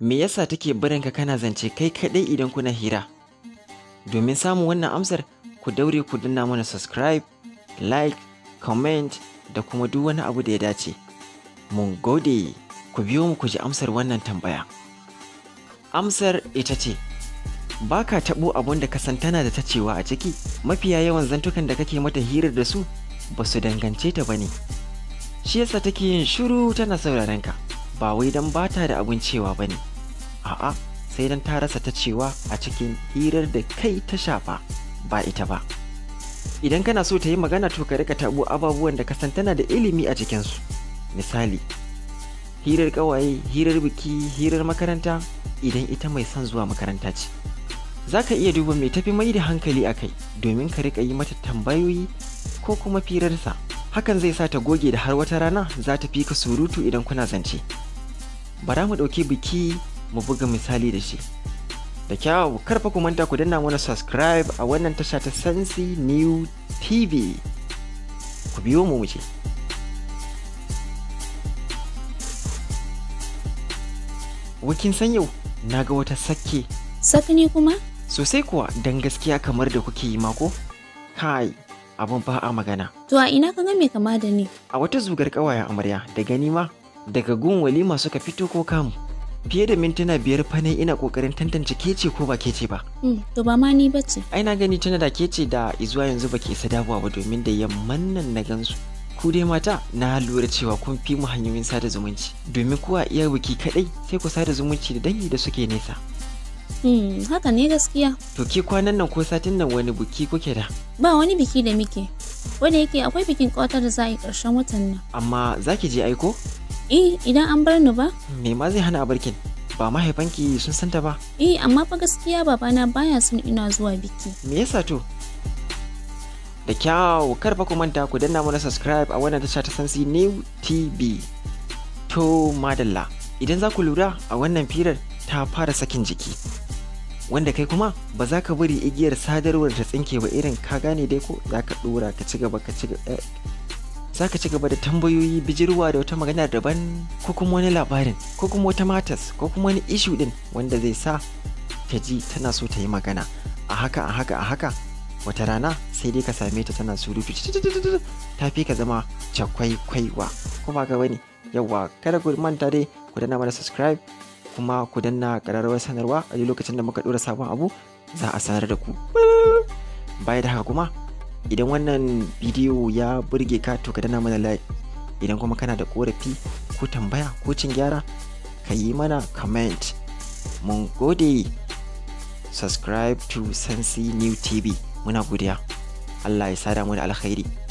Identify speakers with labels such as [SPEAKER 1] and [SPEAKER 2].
[SPEAKER 1] me yasa take barinka kana zance kai kaɗai idan kuna hira domin samun wannan amsar ku daure ku danna mana subscribe like comment da kuma duk wani abu da ya dace mun gode ku biyo mu ku ji amsar wannan tambaya amsar ita ce ba ka taɓo abun da ka tana da ta cewa a ciki mafiya yawan zantukan da kake mata hirar da su ba su dangance ta ba ne shi yasa take yin shiru tana sauraron ka ba wai don bata da abin cewa ba ne a'a sai don ta rasa ta cewa a cikin hirar da kai ta shafa ba ita ba idan kana so ta yi magana to ka rika tabo ababuwan da kasan tana da ilimi a cikinsu misali hirar ƙawaye hirar biki hirar makaranta idan ita mai son zuwa makaranta ce za ka iya duba mai tafi mai da hankali a kai domin ka rika yi mata tambayoyi ko kuma firarsa hakan zai sa ta goge da har wata rana za ta fi ka surutu idan kuna zance bara mu ɗauki biki mu buga misali da shi da kyawu karfa ku manta ku danna mana subscribe a wannan tasha ta sansi new tv ku biyo mu mu wakin san yau na ga wata sakke. Sakani kuma? Sosai kuwa don gaskiya kamar da kuke yi mako? Kai, abin ba a magana. To a ina ka game kama da ni? A wata zugar ƙawaya amarya daga nima daga gun walima suka fito ko kamu. fiye da mintuna biyar fa ne ina kokarin tantance kece ko ba kece ba mm, to ba ma ni bace ai na gani tana da kece da izuwa yanzu ba ke sadawa ba domin da yamman nan na gansu ku dai mata na lura cewa kun fi mu hanyoyin sada zumunci domin kuwa iya biki kaɗai, sai ku sada zumunci da dangi da suke nesa Hmm, haka ne gaskiya. To ke kwanan nan ko satin nan wani biki kuke da? Ba wani biki da muke. Wanda yake akwai bikin ƙawatar da za a yi ƙarshen watan nan. Amma za ki je aiko? eh idan an bar ni ba me ma zai hana a barkin ba mahaifanki sun santa ba eh amma fa gaskiya babana baya son ina zuwa biki me yasa to da kyau kar fa ku manta ku danna mana subscribe a wannan tasha ta sansi new tv to madalla idan za ku lura a wannan firar ta fara sakin jiki wanda kai kuma ba za ka bari igiyar sadarwar ta tsinke ba irin ka gane dai ko za ka dora ka ci gaba ka ci gaba eh, za ka ci gaba da tambayoyi bijirwa da wata magana daban ko kuma wani labarin ko kuma wata matas ko kuma wani ishu din wanda zai sa ta ji tana so ta yi magana a haka a haka a haka wata rana sai dai ka same ta tana surutu ta fi ka zama cakwaikwaiwa kuma ga wani yawa kada ku manta dai ku danna mana subscribe kuma ku danna kararrawar sanarwa a lokacin da muka dora sabon abu za a sanar da ku baya da haka kuma idan wannan bidiyo ya burge ka to ka dana mana like idan kuma kana da korafi ko tambaya ko cin gyara ka yi mana comment mun gode subscribe to sensi new tv muna godiya allah ya sada mu da alkhairi